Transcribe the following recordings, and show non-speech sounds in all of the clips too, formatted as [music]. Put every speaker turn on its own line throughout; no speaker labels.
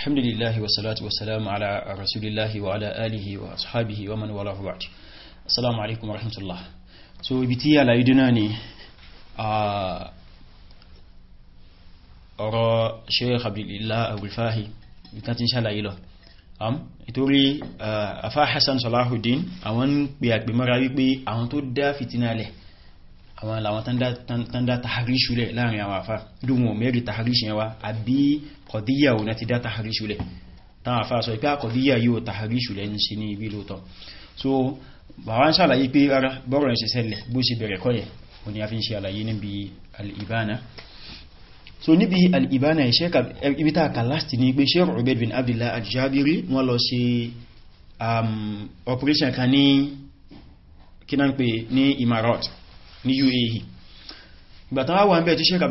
الحمد لله والصلاة والسلام على رسول الله وعلى آله وأصحابه ومن والاه بعد السلام عليكم ورحمة الله so ibi tí àlàyé dínà ni ọ̀rọ̀ Sheikh Abdullah Abdulfahi ìtàn tí ń ṣàlàyé lọ ìtorí afá Hassan Salahuddin àwọn ń pè àpè mọ́ra wípé àwọn tó dá fìtínà lẹ̀ àwọn làwọn tán dá taharishu lẹ̀ láàrin àwọn àfá dùnmọ̀ mẹ́rin taharishu yẹn wá àbí kọ̀díyà òun ti dá taharishu lẹ̀ táwọn àfá sọ pé àkọ̀díyà ah, yóò taharishu lẹ̀ ń ṣe ibi lóòtọ́ so bàwá ń ṣàlàyé pé rárá bọ́rọ̀ ṣe ṣẹlẹ̀ bó ṣe bẹ̀rẹ̀ kọ́ yẹ òun a fi ń ṣe àlàyé níbi al so níbi alibana ibana eh, ibi tá a kà láti ní pé sheikh Ubayd bin Abdullah al-Jabiri wọ́n lọ ṣe um, operation kan ní kí náà ń pè ní Imarat ní UAE gbàtàn wà ń bẹ̀ tí Sheikh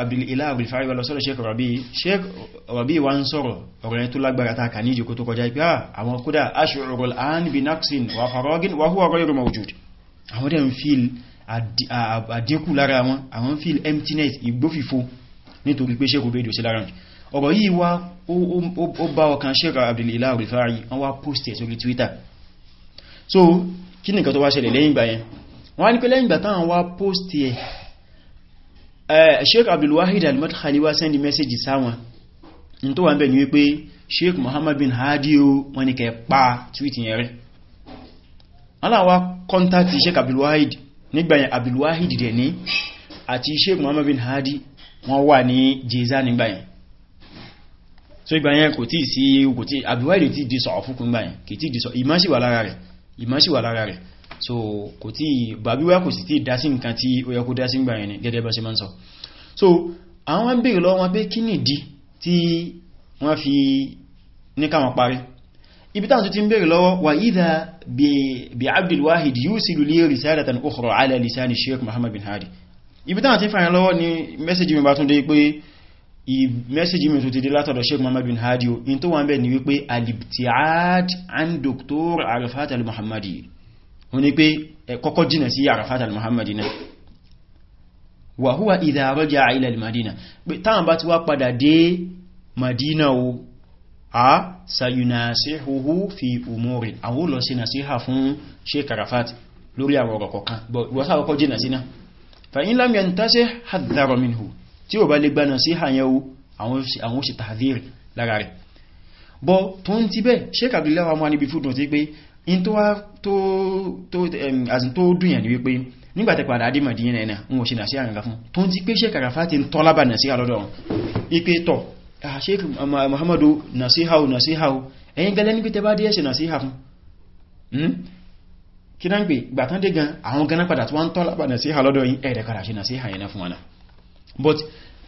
Abdul-Ilah Abdul-Fari wà lọ sọ́rọ̀ Sheikh Rabi Sheikh Rabi wà ń sọ̀rọ̀ ọ̀rọ̀ yẹn tó lágbára ta kà ní ìjòkó tó kọjá ipé àwọn kódà ash'uru al-an bi naqsin wà faragin wa huwa ghayru mawjud àwọn dẹ̀ emptiness ìgbófìfo nítorí pé Sheikh Obeid sí lára wọn ọ̀rọ̀ yìí wá ó bá ọkàn Sheikh Abdul-Ilah Abdul-Fari wọ́n wá post ẹ̀ Twitter so kí nìkan tó wá wọ́n ní pé lẹ́yìn ìgbà táwọn wá post ẹ̀ Sheikh Abdulwahid al-Madkhali wá send message sáwọn n tó wà ń bẹ̀ ní wípé Sheikh Muhammad bin Hadi o wọ́n ní kẹ pa tweet yẹn rẹ̀ aláwọ̀ contact Sheikh Abdulwahid nígbàyàn Abdulwahid dẹ̀ ní àti Sheikh Muhammad bin Hadi wọ́n wà ní jeza nígbàyàn so ìgbàyàn kò tí sí kò tí Abdulwahid ti di sọ̀rọ̀ fúnkún gbàyàn kì tí di sọ̀rọ̀ ìmáṣíwà lára rẹ̀ so kò tí bàbíwá kò sì tí dásí nǹkan tí ó yẹ kó dásí gbà yẹn gẹ́gẹ́ bá ṣe máa ń sọ so àwọn ń bèèrè lọ́wọ́ wọn pé kí nìdí tí wọ́n fi ní káwọn parí ibi táwọn ti ń bèèrè lọ́wọ́ wà ìdá bí abdulwahid yusilu li risalatan ukhra ala lisani sheikh muhammad bin hadi ibi táwọn ti fàyàn ni mẹ́sẹ̀jì mi bá tún dé pé mẹ́sẹ̀jì sheikh muhammad bin hadi in tó ni wípé alibtiad an dr arifat al ó ní pé kọ́kọ́ sí Arafat al-Muhammadi náà wa huwa idha raja'a ila al-Madina pé táwọn bá ti wá padà dé Madina o a sayunasihuhu fi umuri àwọn lọ sí nasiha fún Sheikh Arafat lórí àwọn ọ̀rọ̀ kọ̀kan wọ́n sáwọ́ kọ́ jìnà sínà fa in lam yantasih hadhara minhu tí ó bá lè gba nasiha yẹn o àwọn òṣì tàhàdìrì lára rẹ̀ bọ́ tó ń ti bẹ́ Sheikh Abdullahi mọ́ níbi fúdùn ti pé in to wá tó dùnyàn ní wípé nígbàtẹ̀ padà adé Madina ẹ̀nà ń wọ́n ṣe nà sí àrìnká fún tó ń ti pé Sheikh Arafat ti ń tọ́lábà nà sí àlọ́dọ̀ wọn ipé tọ̀ Sheikh um, um, Muhammadu na sí hau nà sí hau ẹ̀yìn gẹ́lẹ́ níbi tẹ́ bá dé ẹ̀ṣẹ̀ nà sí ha fún hmm? kí náà ń pè gbàtán dé gan àwọn ganá padà tó wá ń tọ́lábà nà sí àlọ́dọ̀ yìí ẹ̀rẹ̀ padà ṣe nà sí àyẹ̀nà fún but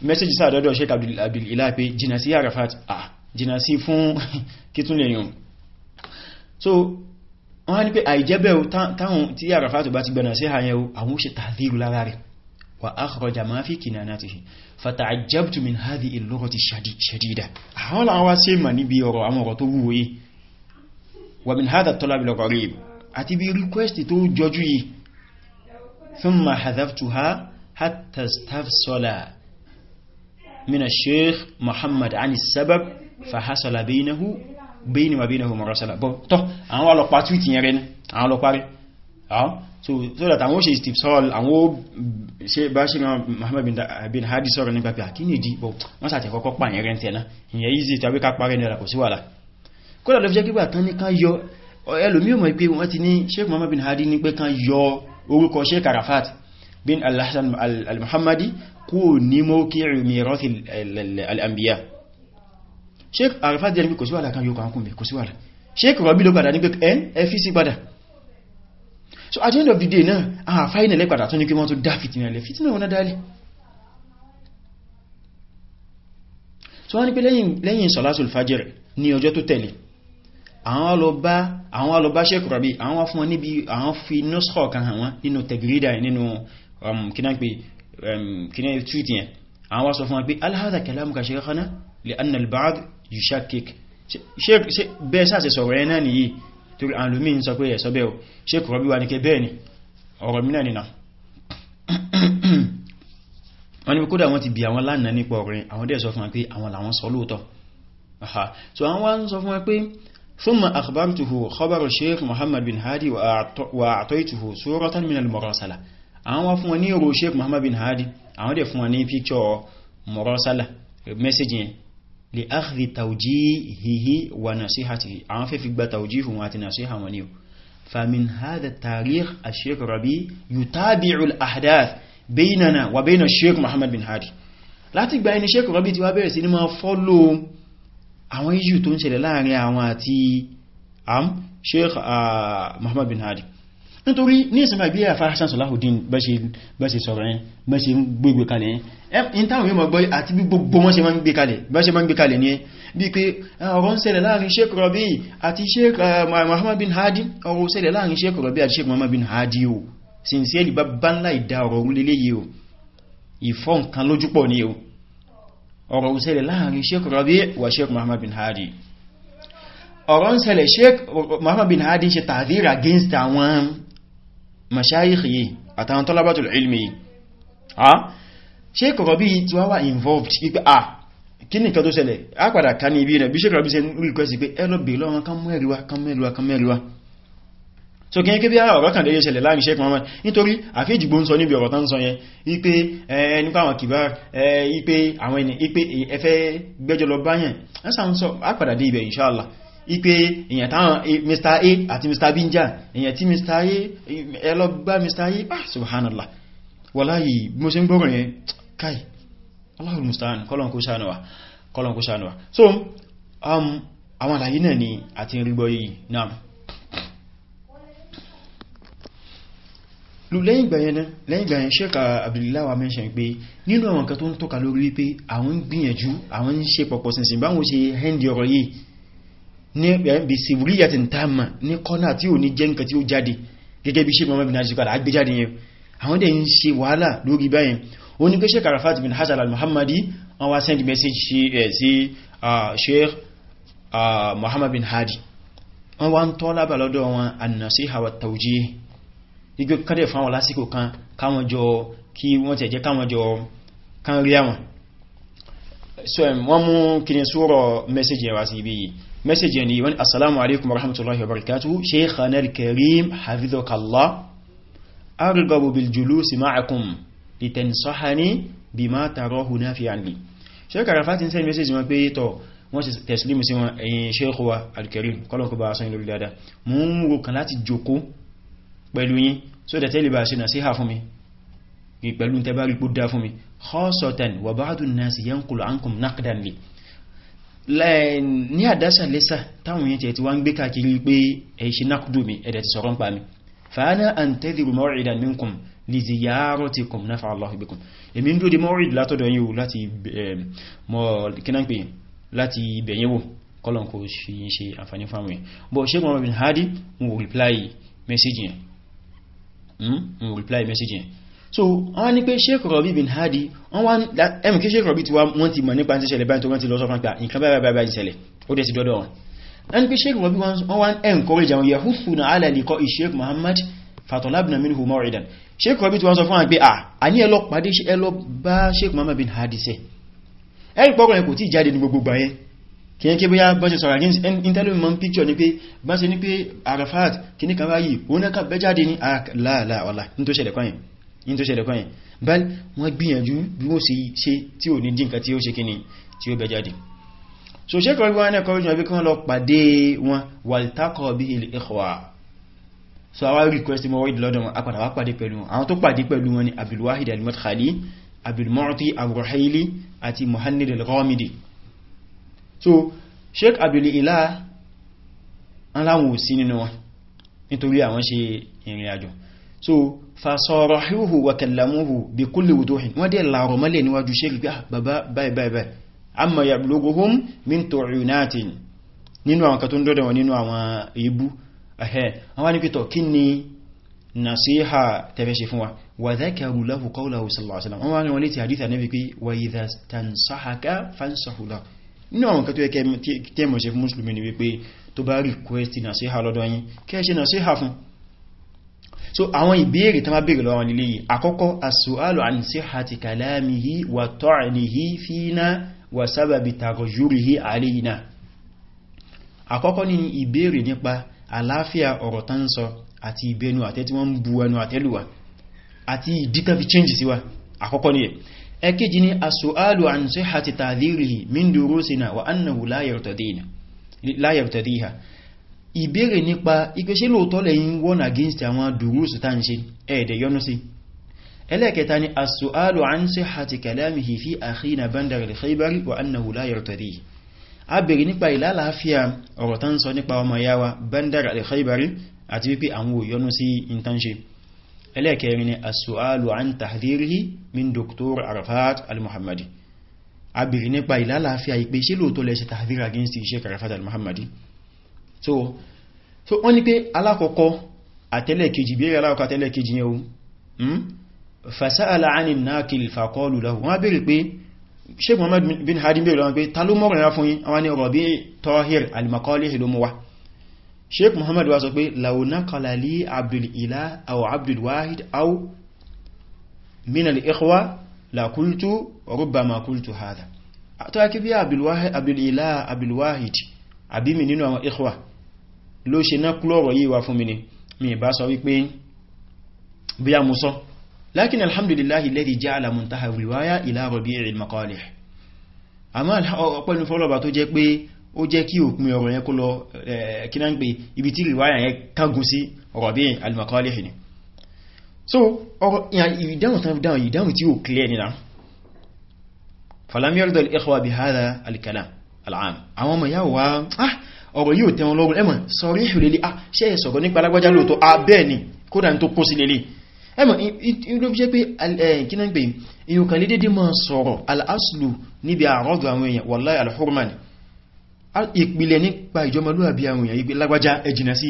message sáà dọ́dọ̀ Sheikh Abdul Ilahi pé jìnà sí Arafat ah jina sí fún [laughs] kí tún so wọ́n ní pé àìjẹ́bẹ̀ táwọn tí àràfàtò bá ti gbẹ̀nà sí àyẹ̀wò àwọn aye awon ose tààdírù rẹ̀ wà áhọ̀rọ̀jà máa fi kìnà náà ti se fata min hadhi al-lughati shadida àwọn làwọn àwọn wà bẹ́ẹ̀ni wà bẹ́ẹ̀ni ọmọ rasala bọ́ tọ́ àwọn ọlọ́pàá tweet yẹn rẹ̀ ní àwọn ọlọ́pàá rẹ̀ so so that àwọn ṣe steve saul àwọn ṣe bá ṣe ran Muhammad bin Hadi sọ̀rọ̀ nípa pé àkíní ah, ìdí bọ̀ wọ́n sàtẹ̀ kọ́kọ́ pa yẹn rẹ̀ easy tàbí ká parẹ́ nílà kò sí wàhálà kódà ló fi jẹ́ kígbà tán ní kan yọ ẹlòmí ò mọ̀ pé wọ́n ti ní Sheikh Muhammad bin Hadi ní pé kan yọ orúkọ Sheikh Arafat bin al sheik Arafat jẹ́ ní pé kò sí wàhálà kan yóò kàákùn bẹ̀ kò sí wàhálà sheik ló padà ní pé ẹ fi sí padà so at the end of the day náà àwọn àfáì nílẹ̀ padà tún ní kí wọ́n tó dá fìtìnà lẹ̀ wọn dálẹ̀ so wọ́n ní pé lẹ́yìn sọ̀lásùl fajr ní ọjọ́ tó tẹ̀lé àwọn lọ bá àwọn lọ bá sheik Rabi àwọn fún wọn níbi àwọn fi nọ́sọ̀ kan hàn wọn nínú tẹ̀gírídà nínú um, kínáyẹ̀ um, tweet yẹn àwọn sọ fún wọn pé yushakik bẹ́ẹ̀ sáàsẹ̀ sọ̀rọ̀ ẹ náà nìyí torí àlùmí ń sọ pé ẹ̀sọ́ bẹ́ẹ̀ o ṣe kò rọ́bí wa ní kẹ bẹ́ẹ̀ ni ọ̀rọ̀ mí náà nìna [clears throat] wọ́n ni kódà wọ́n ti bí àwọn lánàá nípa ọ̀rìn àwọn dẹ̀ sọ fún wa pé àwọn làwọn sọ lóòtọ́ so àwọn wá ń sọ fún wa pé thumma akhbartuhu khabar sheikh muhammad bin hadi wa a'taytuhu suratan min al-mursala àwọn wá fún wa ní ro sheikh muhammad bin hadi àwọn dẹ̀ fún wa ní picture mursala message yẹn lè áàrí tàújí hìhì wà nasíhàtì àwọn fẹ́ fi gba tàújí fún àti nasíhà wọn ni famin hada tarikh a sheik rabi yutabi'ul ahdath baynana wa bayna sheik muhammad bin hadi láti gba ẹni sheik rabi ti wá bẹ̀rẹ̀ sí ni máa fọ́lò àwọn iṣu tó ń ṣẹlẹ̀ láàrin àwọn àti am sheik ìntàwọn yóò mọ̀ gbọ́ àti bí gbogbo wọn ṣe máa ń gbé kalẹ̀ bá ṣe máa ń gbé kalẹ̀ ní ẹ bí pé ah, ọ̀rọ̀ ń ṣẹlẹ̀ láàrin Sheikh Rabi àti Sheikh ah, Muhammad bin Hadi ọ̀rọ̀ ń ṣẹlẹ̀ láàrin Sheikh Rabi àti Sheikh Muhammad bin Hadi o sincerely bá bá ńlá ìdá ọ̀rọ̀ lélẹ́yẹ o ìfọ́ nǹkan lójú pọ̀ ní o ọ̀rọ̀ ń ṣẹlẹ̀ láàrin against àwọn mashayikh àtàwọn talabatul ilmi yìí ah, ṣe kọ̀rọ̀ bí tí wá wà involved pípẹ́ à ah, kí ní nǹkan tó ṣẹlẹ̀ á padà ká ní ibi rẹ̀ bí ṣe kọ̀rọ̀ bí ṣe request pé ẹ lọ bèèrè lọ́wọ́ kan mú kan mú kan mú so kí ní kí bí ọ̀rọ̀ kan dédé ṣẹlẹ̀ láàrin Sheikh Muhammad nítorí àfíjìgbó ń sọ níbi ọ̀rọ̀ tán sọ yẹn wípé nípa àwọn kìbá wípé àwọn ẹni wípé ẹfẹ́ gbẹ́jọ lọ báyẹn ẹ́sà ń sọ àpàdà dé ibẹ̀ inshallah wípé èyàn táwọn e, Mr. A àti Mr. B ń jà èyàn tí Mr. A ẹlọgbá Mr. A ah subhanallah wallahi mo ṣe ń gbọ́rọ̀ yẹn kai Allahul musta'an kọlọ̀n kó ṣàánú kọlọ̀n kó ṣàánú so um, àwọn àlàyé náà ni a ti rí gbọ́ yìí náà lẹ́yìn ìgbàyẹn ṣẹ́kà Abdullahi wa mention pé nínú àwọn kan tó ń tọ́ka lórí wípé àwọn ń gbìyànjú àwọn ń ṣe pọ̀pọ̀ sínsìn báwọn ṣe hẹ́ndì ọ̀rọ̀ yìí ní bí siviliyatin tamma ní kọ́nà tí ò ní jẹ́ nǹkan tí ó jáde gẹ́gẹ́ bí ṣe mọ́mọ́bìnà ó ní pé sheikh arafat bin hasan al-muhammadi wọ́n wá send message sí eh, sheikh muhammad bin hadi wọ́n wá ń tọ́ lábà lọ́dọ̀ wọn an-nasiha wa tawjih igbó kádẹ̀ fún àwọn lásìkò kan káwọn jọ kí wọ́n tẹ̀ jẹ́ káwọn jọ kan rí àwọn so wọ́n mú kìrin sórọ̀ message yẹn wá sí ibi yìí message yẹn ni assalamu alaikum warahmatullahi wabarakatuh sheikhana al-karim hafizakallah argabu bil julusi ma'akum lítẹ̀nsọ́hání bí má tààrọ hùná fi àní Sheikh Arafat ń send message wọn pé tọ́ wọ́n ṣe tẹ̀sílímù sí wọn ẹ̀yìn Sheikh wa al-Karim kọ́lọ̀kọ́ bá sọ́yìn lórí dáadáa mi pẹ̀lú tẹ́ bá rí mi khasatan wa ba'du an-nasi yanqulu ankum naqdan li ní àdásà lẹ́sà táwọn yẹn ti wá ń gbé káàkiri pé ẹ̀ṣẹ́ nákùdù fa ana antadhiru maw'idan minkum li ziyaratikum nafa'a Allahu bikum èmi ń dúró de mọ́wàá ìdílá tọ́dọ̀ yíò láti ehm, mọ́ kínáńpé láti bẹ̀yẹ̀wò kọ́lọ̀n kò ṣe yí ṣe àǹfàní fáwọn yẹn bọ̀ ṣe mọ́ bin hadi wọ́n reply message yẹn wọ́n hmm? reply message yẹn so wọ́n ní pé Hadi ẹmù kí Sheikh Rabi tí wọ́n ti mọ̀ nípa ti ṣẹlẹ̀ báyìí tó wọ́n ti lọ sọ́fán pé nǹkan báyìí báyìí ṣẹlẹ̀ ó dẹ̀ sí dọ́dọ̀ wọn na ala liqa'i Sheikh Muhammad fàtọ̀lábìnà mínú mọ́rìdàn sheik rabi tí wọ́n sọ fún àgbé à ah, a ní ẹlọ pàdé ẹlọ bá sheik muhammad bin hadise ẹ̀rì pọ́kùnrin kò tí jáde ní gbogbo gbáyẹn kí bóyá bá ṣe sọ̀rọ̀ intelligent man picture ni pé bá ṣe ní arafat kí ní kan báyìí òun náà bẹ́ jáde ní àlàálà ah, ní tó ṣẹlẹ̀ kọ́yìn bẹ́ẹ̀ wọ́n gbìyànjú bí wọ́n ṣe tí ò ní dínkà so sheik rabi wọn náà kọjú wọn bí kí wọ́n lọ pàdé wọn so àwa request mo wọ́n ìdílọ́dọ̀ wọn apàdà wá pàdé pẹ̀lú wọn àwọn tó pàdé pẹ̀lú wọn ni abdulwahid al-madkhali abdulmu'ti al-ruhaili àti muhannid al-ghamidi so sheikh abdulilah aláwọ̀ sí nínú wọn nítorí àwọn ṣe ìrìn àjò so fasarahuhu wa kallamuhu bi kulli wuduhin wọ́n dẹ̀ làrọ̀ mọ́lẹ̀ níwájú sheikh bí bye bye, báyìí amma yablughuhum min tu'unatin nínú àwọn kan tó ń dọ́dọ̀ wọn nínú àwọn èébú àwọn ní pẹ́tọ̀ kí ni nasiha tẹ́fẹ́ṣe fún wa wà dhakaru lahu qawlahu sallallahu alaihi wasallam wọ́n wá ní wọ́n ní ti hadith Ànábì pé wa idha stansahaka fansahu lahu nínú àwọn kẹtọ́ ẹkẹ tẹ́mọ̀ ni wípé tó ṣe fún so àwọn ìbéèrè tó má béèrè lọ́wọ́ nílé yìí àkọ́kọ́ as-su'alu an sihhati kalamihi wa ta'nihi fina wa sababi àlàáfíà ọ̀rọ̀ tán sọ àti ìbẹnu àtẹ́ tí wọ́n ń bu ẹnu àtẹ́lùwà àti ìdítà fi change sí wa àkọ́kọ́ ni ẹ̀kejì ni as-su'alu an sihhati ta'dhirihi min durusina wa annahu la yartadina la yartadiha ìbéèrè nípa ìgbésẹ̀ lóòtọ́ lẹ́yìn wọ́n against àwọn dùrúsù tá ń ṣe ẹ̀ẹ̀dẹ̀ yọnú sí ẹlẹ́ẹ̀kẹta ni as-su'alu a bèèrè nípa ìlàláàfíà ọ̀rọ̀ tán sọ nípa ọmọ ìyá wa Bandar al-Khaybari àti wípé àwọn òyọnú sí intanṣe ẹlẹ́ẹ̀kẹrin ni as-su'alu an tahdhirihi min Dr. Arafat al-Muhammadi a bèèrè nípa ìlàláàfíà ìpé sí lóòtọ́ lẹ́ṣẹ́ tahdhir against Sheikh Arafat al-Muhammadi so so wọ́n ní pé alákọ̀ọ́kọ́ àtẹ́lẹ̀kejì bí rẹ̀ àtẹ́lẹ̀kejì sheik mohamed bin hadi bèèrè wọn pé ta ló mọ́rọ̀ ya fún yí àwọn ni ọ̀rọ̀ bí tọ́hìr alimakọ́lé ìlú mọ́wá sheik mohamed wá sọ pé launa kalali abdulila au abdulwahid au minal ikhwa la kultu rubbama kultu hada tó yá kí bí abdulila abdulwahid àbí mi nínú àwọn ikhwa ló ṣe ná kúlọ̀rọ̀ yíwa fún mi ni mi bá sọ wípé bí a mú sọ لكن الحمد لله الذي جعل منتهى الرواية إلى ربيع المقالح àmọ́ ọ̀pẹ́lú fọ́lọ̀bà tó jẹ́ pé ó jẹ́ kí òpin ọ̀rọ̀ yẹn kó lọ kí náà ń pè ibi tí ìwáyà yẹn kágun sí so ìdáhùn tán dáhùn ìdáhùn tí clear nìna falam yarda al-ikhwa bi hadha al-kalam al-aam àwọn ọmọ yà wá ah, ọ̀rọ̀ yóò tẹ́wọn lọ́rùn ẹmọ̀ sọ̀rọ̀ ìṣòlélé ah ṣe é ah, ni kódà ní tó kó sí lélé ẹmọ̀ ló fi jẹ́ pé kíná gbé èyàn kan lé dédé máa sọ̀rọ̀ al'aslu níbi àrọ́dù àwọn èèyàn wallahi al-hurmani ìpìlẹ̀ nípa ìjọmọlúwàbí àwọn èèyàn ìgbé lágbàjá ẹjìnà sí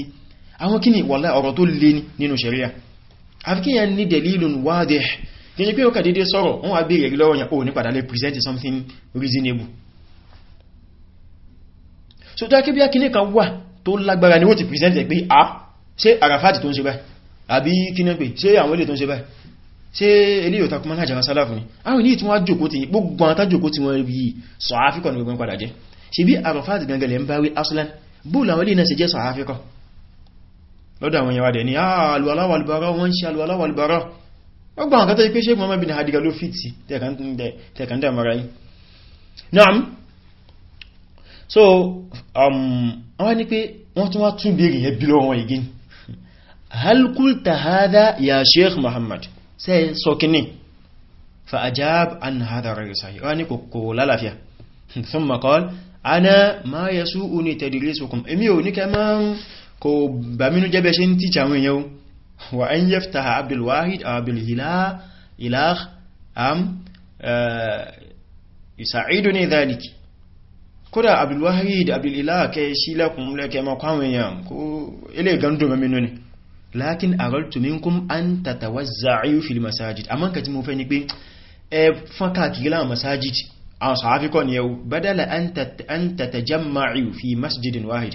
àwọn kíni wallahi ọ̀rọ̀ tó lé nínú sharia àfikíyàn ní dalilun wadih kí present something reasonable so tó akébíyà kíní kan wà tó present ẹ̀ a ah, ṣe àràfáàtì tó àbí kíná pé ṣe àwọn ilé tó ń ṣe báyìí ṣe ilé yóò takùnmọ́ lájàwà sálàfù ni àwọn ilé tí wọ́n jòkó ti gbogbo àwọn tájòkó tí wọ́n rí sọ̀háfíkọ̀ ní gbogbo padà jẹ́ ṣe bí àrọ̀fáàtì gangalẹ̀ ń bá wí aslan bóòlù àwọn ilé náà ṣe jẹ́ sọ̀háfíkọ̀ lọ́dọ̀ àwọn yàwádẹ̀ ni ah, àlùwàláwàlùbárọ̀ wọ́n ń ṣe àlùwàláwàlùbárọ̀ ọgbà àwọn kátà ipé ṣe mọ́mọ́ bin hadiga ni um, pé wọ́n tún wá هل قلت هذا يا شيخ محمد سي سوكني فأجاب عن هذا الرجل صحيح وأني كوكولا لافيا ثم قال أنا ما يسوءني تدريسكم إمي ونك ما كو بامينو جبشين تيشاوين يو وأن يفتح عبد الواحد أو عبد الهلا إلاخ أم آه يساعدني ذلك kódà abdulwahid abdulilah kẹ́ sílẹ̀kùn lẹ́kẹ́ mọ́kànwé yàn kó ilé ìgandun mẹ́mínú ni lakin aradtu minkum an tatawazza'u fil masajid àmọ́ nǹkan tí mo fẹ́ ni pé ẹ fọ́n káàkiri láwọn masajid àwọn sàáfí kọ́ ni yau badala an tatajamma'u fi masjidin wahid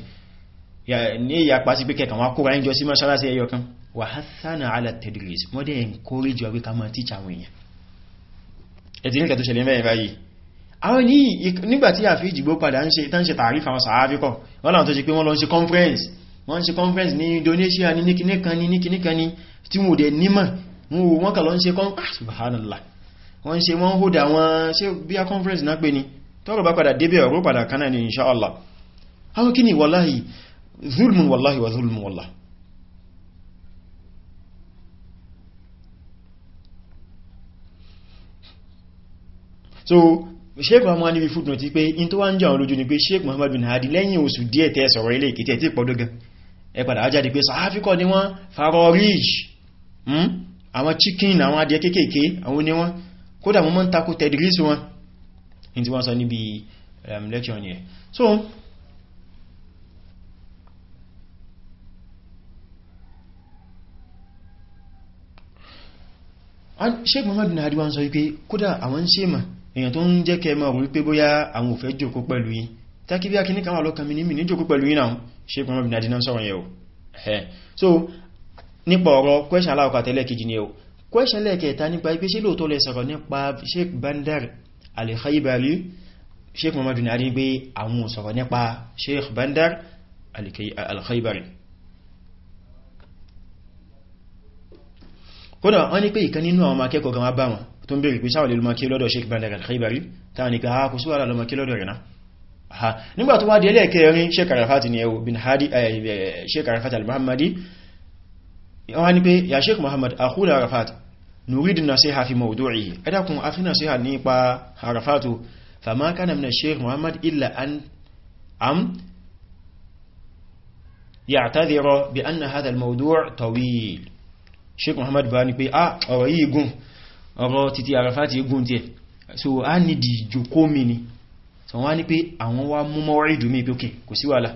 ní ìyapa sí pé kẹkàn wá kóra ẹjọ́ sí mọ́ṣálásí ẹyọ kan wa hathana ala tadris wọ́n dẹ̀ encourage wípé ká máa tíṣà àwọn èèyàn ẹ̀tì ní kẹtù ṣẹlẹ̀ mẹ́rin báyìí àwọn ní nígbàtí àfi ìjìgbó padà ń ṣe tán ṣe tààrífà àwọn sàáfí kọ́ wọ́n láwọn tó ṣe pé wọ́n lọ ń ṣe conference wọ́n ń conference ní Indonesia ní níkìníkan ní níkìníkan ní tí wọ́n dẹ̀ nímọ̀ wọ́n kà lọ ń ṣe ah, subhanallah wọ́n ṣe wọ́n hódà wọn ṣe conference náà pé ní tọ́rọ bá padà débẹ̀ ọ̀rọ̀ insha Allah àwọn kí ni wallahi zulmun wallahi wa zulmun wallahi so sheik muhammadu footnote pé in tó wá ń jẹ́ àwọn olójú ni pé sheik muhammadu bin hadi lẹ́yìn oṣù díẹ̀ tẹ́ sọ̀rọ̀ ilé ìkìtẹ̀ tí pọ̀dọ́gan ẹ̀padà ajáde pé sàáfíkọ́ ni wọ́n farorij hmm? àwọn chicken àwọn adìẹ kéèkéé àwọn ni wọ́n kódà mú mọ́ ń takò tẹ̀dìrísì wọn in tí wọ́n sọ níbi um, lecture yẹn so sheik muhammadu na adiwa ń sọ wípé kódà àwọn ṣe ma èyàn tó ń jẹ́ kẹ́ mọ̀ wípé bóyá àwọn òfẹ́ jòkó pẹ̀lú yìí tákí sheik muhammad bin adinan sọ̀rọ̀ yẹn o so nípa ọ̀rọ̀ question aláwọ̀ká tẹ́lẹ̀ kejì ni o question lẹ́ẹ̀kẹta nípa ipé ṣe lóòtọ́ lẹ sọ̀rọ̀ nípa sheik bandar al-khaybari sheik muhammad bin adinan pé àwọn sọ̀rọ̀ nípa sheik bandar al-khaybari kódà wọ́n ní pé ìkan nínú àwọn akẹ́kọ̀ọ́ kan wá bá wọn tó ń bèèrè pé sáwọn lè lọ́mọ kí lọ́dọ̀ sheik bandar al-khaybari táwọn ni ah, kò síwára lọ́mọ kí lọ́dọ̀ rẹ̀ náà ha nígbà tó wá di ẹlẹ́ẹ̀kẹrin Sheikh Arafat ni ẹwọ bin hadi Sheikh Arafat al-Muhammadi wọ́n ni pé ya Sheikh Muhammad akhula Arafat nuridun nasiha fi mawdu'ihi ẹdàkùn afi nasiha nípa Arafatu fama kana min Sheikh Muhammad illa an am ya'tadhira bi anna hadha al-mawdu' tawil Sheikh Muhammad bá ní pé ah ọ̀rọ̀ yìí gùn ọ̀rọ̀ títí Arafat yìí gùn tí so a nìdí jókòó mi ni so wọ́n ní pé àwọn wá mú mọ́ rí dùmí pé kò sí wàhálà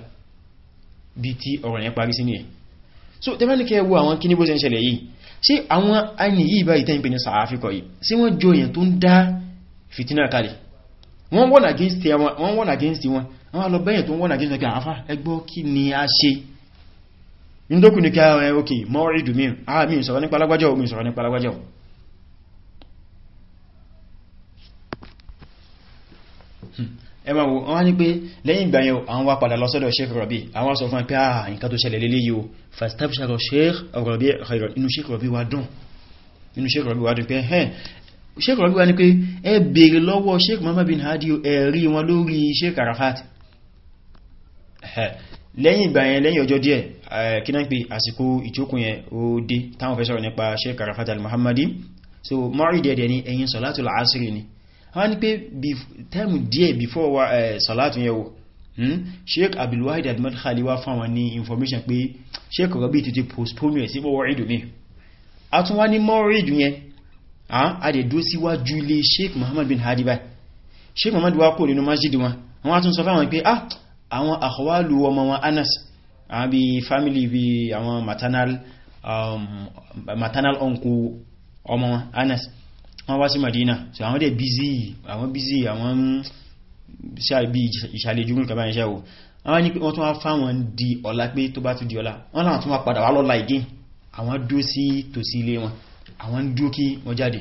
bí tí ọ̀rọ̀ yẹn parí sí ní ẹ̀ so tẹ́bá ní kẹ́ wo àwọn kí ní bó ṣe ń ṣẹlẹ̀ yìí ṣé àwọn àyìn yìí báyìí tẹ́ ń pè ní sàáfíkọ̀ yìí ṣé wọ́n jọ èèyàn tó ń dá fìtínà kalẹ̀ against wọn wọ́n lọ bẹ́yẹn tó ń wọ́n against a ṣe nídókù ní a rẹ̀ òkè mọ́rí dùmí àmì ìsọ̀rọ̀ nípa alágbájọ́ omi ìsọ̀rọ̀ nípa alágbájọ́ Hmm ẹmọ wo wọ́n ní pé lẹ́yìn ìgbà yẹn àwọn wá padà lọ sọ́dọ̀ Sheikh Rabi àwọn sọ fún pé à ah, nǹkan tó ṣẹlẹ̀ lélẹ́ yóò fastabshara Sheikh Rabi khairan inú Sheikh Rabi wá dùn inú Sheikh Rabi wá dùn pé hẹ́n Sheikh Rabi wá ní pé ẹ bèèrè lọ́wọ́ Sheikh Muhammad bin Hadi eh, al-Muhammadi so mọ́rí dẹ̀dẹ̀ ni ẹ̀yìn salatul asri ni wọ́n ní pé tẹ́mù díẹ̀ before wa eh, salatu yẹ̀wò hmm? sheik abdulwahid al-madkhali wá fáwọn ní information pé sheik rabi ti ti postpone ẹ̀ sí fọwọ́ ìdù mi a tún wá ní mọ́rí ìdù yẹn a dẹ̀ dó síwájú ilé sheik muhammad bin hadi bai sheik muhammad wá kò nínú masjid wọn wọ́n tún sọ fáwọn pé ah àwọn àkọwàlù ọmọ wọn anas àbí family bí àwọn maternal um, maternal uncle ọmọ wọn anas wọ́n wá sí Madina so àwọn dẹ̀ busy àwọn busy àwọn ṣàbí ìṣàlejò nǹkan báyìí ṣẹ́ o wọ́n ní pé wọ́n tún wá fáwọn di ọ̀la pé tó bá tún di ọ̀la wọ́n láwọn tún wá padà wá lọ́la again àwọn dúó sí tòsí ilé wọn àwọn dúó kí wọ́n jáde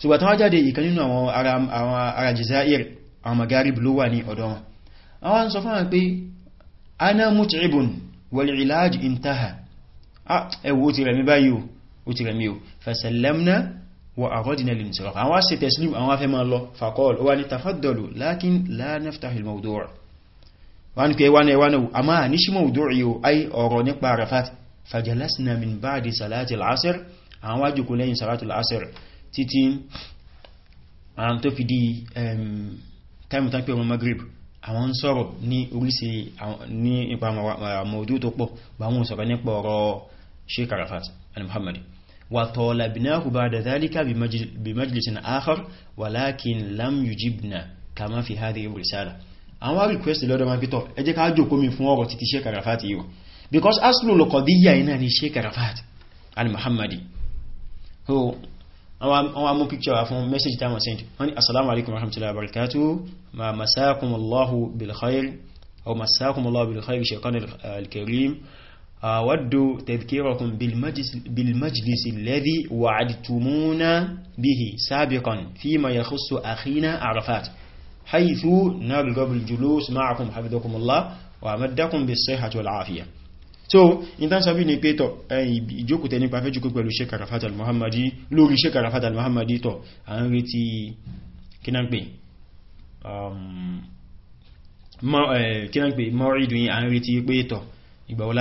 ṣùgbọ́n tán wá jáde ìkan nínú àwọn ará Jazair àwọn Maghrib ló wà ní ọ̀dọ̀ wọn àwọn sọ fáwọn pé ana mut'ibun wal ilaj intaha ah, ẹwọ́ ó ti rẹ̀ báyìí ó ti rẹ̀ ó fasallamna وأغدنا للانصراف أنا واسي تسليم أنا وافهم الله فقال وأن تفضلوا لكن لا نفتح الموضوع وأن كي وانا وانا أما نشي موضوعي أي أورونيك بعرفات فجلسنا من بعد صلاة العصر أنا واجوك لين صلاة العصر تيتين أنا توفي دي تايم تايم بيوم المغرب àwọn ń sọ̀rọ̀ ní oríṣi ní ipa mọ̀dú tó pọ̀ bá wọn sọ̀rọ̀ nípa ọ̀rọ̀ Sheikh Arafat al-Muhammadi وطالبناه بعد ذلك بمجلس آخر ولكن لم يجبنا كما في هذه الرسالة أنا أقول كويس لورا ما بيتو أجي كأجو كومي فمو وتي تشيك رفات إيو بيكوز أصل القضية إنا نشيك رفات على محمد هو أنا أنا مو بيكتو أفهم مسج تام سنت هني السلام عليكم ورحمة الله وبركاته ما مساكم الله بالخير أو مساكم الله بالخير شيخان الكريم ودوا تذكيركم بالمجلس, بالمجلس الذي وعدتمونا به سابقا فيما يخص أخينا عرفات حيث نرغب الجلوس معكم حفظكم الله وأمدكم بالصحة والعافية so in tan sabi ni pe to ìjókòó teni pa fẹ́ jókòó pẹ̀lú Sheikh Arafat al-Muhammadi lórí Sheikh Arafat al-Muhammadi to an reti kinan pe um kinan pe mo ridun an reti pe to ìgbà wo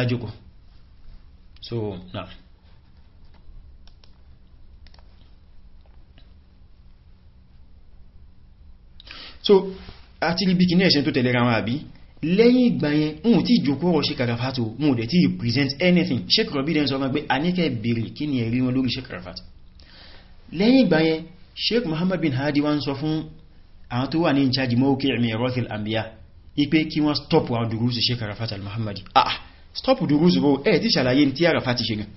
So, نعم so àti ibi kìí ẹ̀ṣẹ́ tó tẹ̀lé ránwà àbí lẹ́yìn ìgbà yẹn oun tí ìjòkóró Sheikh Arafat mú dẹ̀ tí present anything Sheikh Rabi dẹ̀ sọ fún pé a ní kẹ́ bèèrè kí ni ẹ̀rí wọn lórí Sheikh Arafat lẹ́yìn ìgbà yẹn Sheikh Muhammad bin Hadi wá ń sọ fún àwọn tó wà ní ìjájì mọ́ òkè ìrìn ẹ̀rọ́kìl àmbíyà ipé kí wọ́n stop àwọn dùrú sí Sheikh Arafat al ah stop duruzu bo eh ti ṣàlàyé ní tí àràfà ti ṣe gan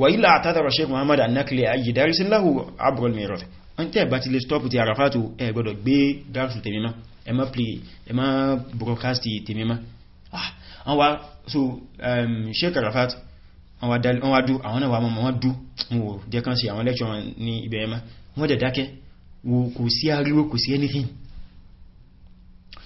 wà ilá àtàdàrà sheik muhammad annakile ayi darisin lahu abrol mirath an tẹ́ bá ti lè stop ti àràfà tó ẹ gbọdọ̀ gbé darisun tèmi ma ẹ ma play ẹ ma broadcast tèmi ma ah an wa so um, sheik arafat an wa du àwọn náà wa mọ̀ wọ́n du mo jẹ́ kan sí àwọn lecture ní ibẹ̀ ma wọ́n dẹ̀ dákẹ́ wo kò sí ariwo kò sí anything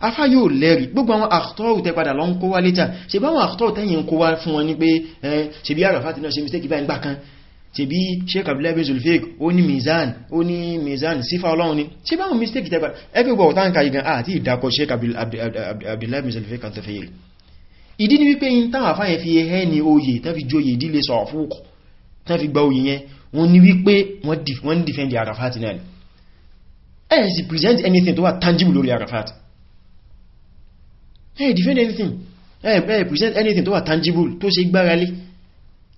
afá yóò lẹ́rì gbogbo àwọn àtọ́rù tẹ padà lọ ń kó wá létà ṣe bá àwọn àtọ́rù tẹ́yìn ń kó wá fún wọn ní pé ṣe bí àràfà tí náà ṣe mistake báyìí gbákan ṣe bí sheik abdullahi zulfik ó ní mizan ó ní mizan sífà ọlọ́run ni ṣe bá àwọn mistake tẹ́ padà ẹgbẹ́ gbọ́ ọ̀tá ń ka igan àti ìdákọ̀ sheik abdullahi zulfik kan tẹ́fẹ́ yìí ìdí ni wípé yín táwọn afá present anything tó wà tangible lórí arafat Hey, defend anything Hey, ẹ present anything To wà tangible to ṣe gbára lé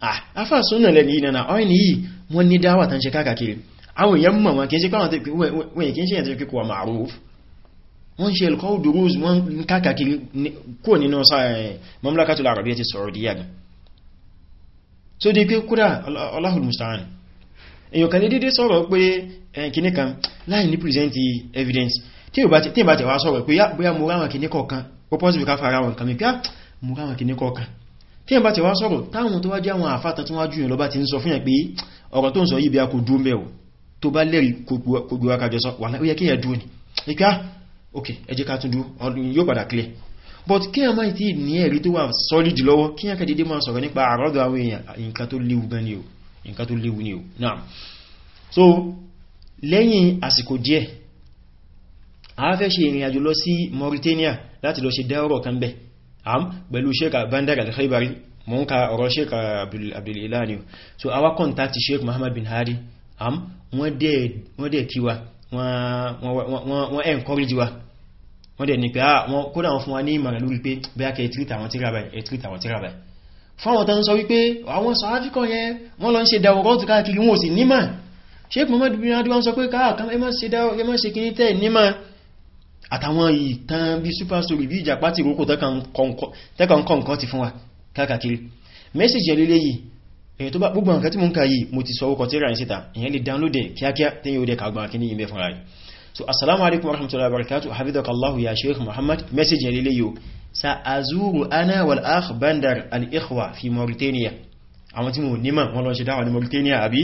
ah afa sunna lẹ́ni yìí nana ọ̀rìn yìí wọ́n ní dáwà tán ṣe káàkiri àwọn èèyàn mọ̀ wọn kìí ṣe pàwọn tẹ́kì wọ́n kìí ṣe yẹn tẹ́kì wà ma'ruf rules, wọ́n ṣe ẹlùkọ́ òdòrúz wọ́n ń káàkiri kò nínú mamlakatul arabiya ti Saudiya gan so di pé kúrà Allahul musta'an èèyàn kan ní dédé sọ̀rọ̀ pé kìníkan láì ní present evidence tí ìbá tẹ̀wá sọ̀rọ̀ pé bóyá mo ráwọn kìníkọ̀ọ̀kan ó pọ́sìbí ká fara wọn kàmí pé á ah, mú ráwọn kì ní kọ̀ọ̀kan tí ẹ̀ bá ti wá sọ̀rọ̀ táwọn tó wá jẹ́ àwọn àfáta tó wá jù lọ bá ti ń sọ fún yẹn pé ọ̀rọ̀ tó clear but kí ẹ máa ti ní ẹ̀rí tó wà solid lọ́wọ́ kí ẹ kẹ́dédé máa sọ̀rọ̀ nípa àrọ́dọ̀ àwọn èèyàn nǹkan tó léwu gan ni o nǹkan ni o so lẹ́yìn àsìkò díẹ̀ a fẹ́ ṣe ìrìn lọ sí Mauritania láti lọ ṣe dẹ́rọ̀ kan bẹ́ am pẹ̀lú sheik bandar al-khaibari mo ń ka ọ̀rọ̀ sheik abdullilani so awa contact sheik muhammad bin hadi am wọ́n dẹ̀ kíwa wọ́n encourage wa wọ́n dẹ̀ ní pé ah, wọ́n kódà wọ́n fún wa ní ìmọ̀ràn lórí pé bẹ́yà kẹ́ ìtírìtà àwọn tírábà fáwọn tán sọ wípé àwọn sọ áfíkọ̀ yẹn wọ́n lọ ń ṣe dàwọ̀rọ̀ tó káàkiri wọn ò sì nímọ̀ sheik muhammad bin hadi wọ́n sọ pé ah, káàkiri ẹ má ṣe kìí tẹ́ nímọ̀ àtàwọn ìtàn bí super story bí ìjàpá ti rókò tẹ́kàn kọ̀ǹkọ́ ti fún wa káàkiri mẹ́sìsì ẹ̀lẹ́lẹ́ yìí èyí tó bá gbogbo nǹkan tí mo ń ka yìí mo ti sọ orúkọ tí ra ìsíta ìyẹn lè download kíákíá tí yóò dẹ̀ kàgbà kí ní ìbẹ̀ fúnra rẹ̀ so assalamu alaikum warahmatullahi wabarakatuh hafizakallahu ya sheikh muhammad message ya lele yo sa azuru ana wal akh bandar al ikhwa fi mauritania àwọn tí mo nima wọn lọ ṣe dáwà ní mauritania abi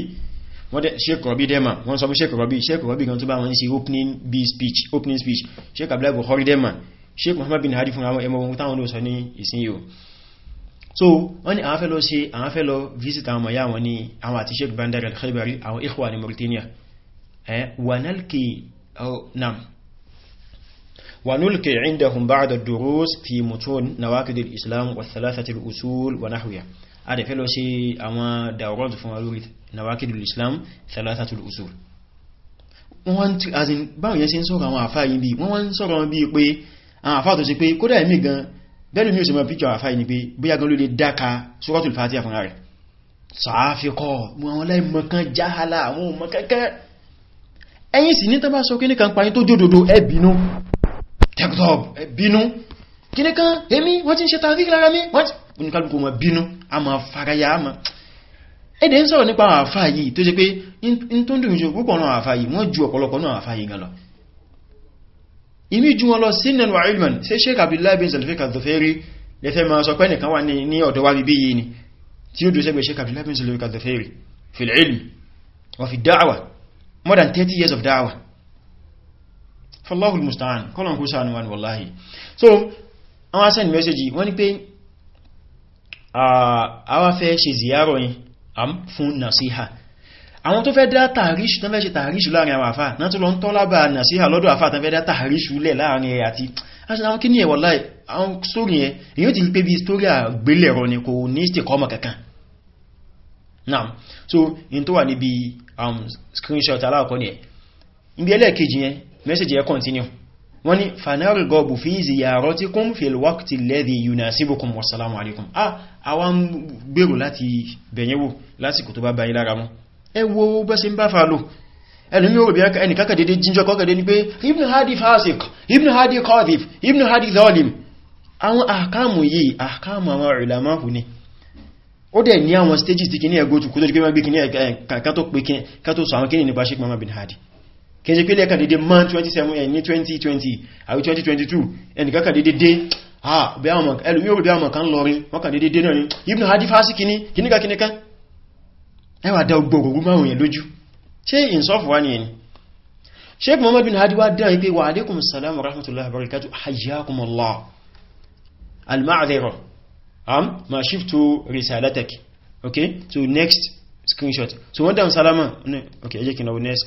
wọ́n dẹ̀ Sheikh Rabi dema wọ́n sọ bí Sheikh Rabi Sheikh Rabi kan tó bá wọn sí opening b speech opening speech Sheikh Abdullahi Bukhari dema Sheikh Muhammad bin Hadi fún àwọn ẹmọ ohun táwọn ló sọ ní ìsìn yóò so wọ́n ni àwọn fẹ́ lọ ṣe àwọn fẹ́ lọ visit àwọn ọmọya wọn ni àwọn àti Sheikh Bandar ونلقي عندهم بعض الدروس في متون نواقض الإسلام والثلاثة الأصول ونحوها a dẹ̀ fẹ́ lọ ṣe àwọn dawrot fún wa lórí nawakidul islam thalathatul usul wọ́n báwọn yẹn ṣe ń sọ̀rọ̀ àwọn àfá yìí bí wọ́n wọ́n ń sọ̀rọ̀ bí pé àwọn àfá tó ṣe pé kódà ẹ̀mí gan bẹ́ẹ̀lú mi ò ṣe mọ̀ píkọ̀ àfá yìí ni pé bóyá gan ló lè dáka suratul fatiha fúnra rẹ̀ sàáfikọ́ wọn láì mọ̀kan jáhálà àwọn òmọ̀kẹ́kẹ́ ẹ̀yìn sì ní tán bá sọ kí ní kan parí tó jódodo ẹ̀bínú tẹ́kọ̀tọ̀ ẹ̀bínú kíní kan èmi wọ́n ti ń ṣe tàbí lára mi wọ́n ti ní kálùkù mọ̀ bínú a ma faraya a ma ẹ̀dẹ̀ ń sọ̀rọ̀ nípa àwọn àfáà yìí tó ṣe pé in tó ń dùn ìṣòro púpọ̀ náà àfáà yìí wọ́n ju ọ̀pọ̀lọpọ̀ náà àfáà yìí gan inú ìjú wọn lọ sinan wa ilman ṣe Sheikh Abdullahi bin Salafik al-Dhufayri lè fẹ́ máa sọ pé nìkan wà ní ọ̀dọ̀ wa bíbí yìí ni tí ó dùn sẹ́gbẹ̀ Sheikh Abdullahi bin Salafik al-Dhufayri fil ilm wa fi da'wa more than 30 years of da'wa fallahul musta'an kọlọ̀n kúsànù wọn wallahi so wọ́n wá send message wọ́n ní pé àwa fẹ́ ṣe ziyarọ̀ yìí fún nasiha àwọn tó fẹ́ dá tàríṣù tán fẹ́ ṣe tàríṣù láàrin àwọn àfáà náà tó lọ ń tọ́ lábà nasiha lọ́dọ̀ àfáà tán fẹ́ dá tàríṣù lẹ̀ láàrin ẹ̀ àti àwọn ti ni kò so um, screenshot wọ́n ní fanargobu fi ziyaratikum fil waqti alladhi yunasibukum wassalamu alaikum a àwọn gbèrò láti bẹ̀yẹ̀wò lásìkò tó bá bá ilára mú ẹwọ bẹ́ sí ń bá fa lò ẹlùmí òbí ẹnìkàkà dédé jíjọ kọ́kàdé ní pé ibn hadi fasik ibn hadi qadhif àwọn àkáàmù yìí àkáàmù àwọn ulama hù ni ó dẹ̀ ní àwọn stages tí kí ní ẹgbó tukú tó jí pé mẹ́gbé kí ní ẹ̀kà tó sọ àwọn kí ní nípa sheik mama bin hadi kéje pé lẹ́ẹ̀kan dédé man 27 ẹ̀ ní 2020 àbí 2022 ẹnìkan kan dédé dé ẹlùmí òrùbí àwọn kan lọrin wọ́n kan dédé dé náà ni Ibn Hadi Fasi kìíní kìíníkà kìíníkà ẹwà dá gbogbo márùn yẹn lójú ṣe ìsọ́fù wá ní ẹni Sheikh Hadi wá dáa wa alaikum salam wa rahmatullahi wa Allah al-ma'adhira am ma shiftu risalatak okay so next screenshot so wọ́n dáa salama okay ẹjẹ́ kí na wọ́n next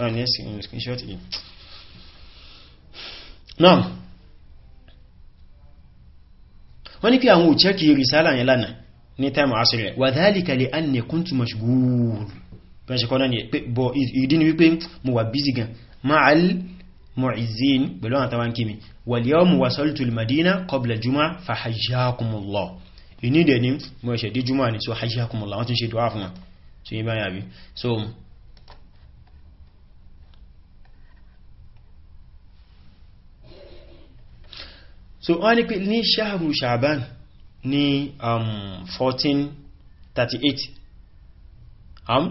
and yes in screenshot yìí náà wọ́n ní pé àwọn òchẹ́kì risala yẹn lánàá ní time asiri rẹ̀ wa dhalika li anni kuntu mashghul bí wọ́n ṣe kọ́nà ní pé bọ̀ ìdí ni wípé mo wà busy gan ma'al mu'izin pẹ̀lú àwọn tàwọn kí mi madina qabla al-jumu'ah fa hayyakumullah ìní dẹ̀ ni ni so hayyakumullah wọ́n tún ṣe so so wọ́n ni pé ní ṣáàrù ṣàbán ní 1438 am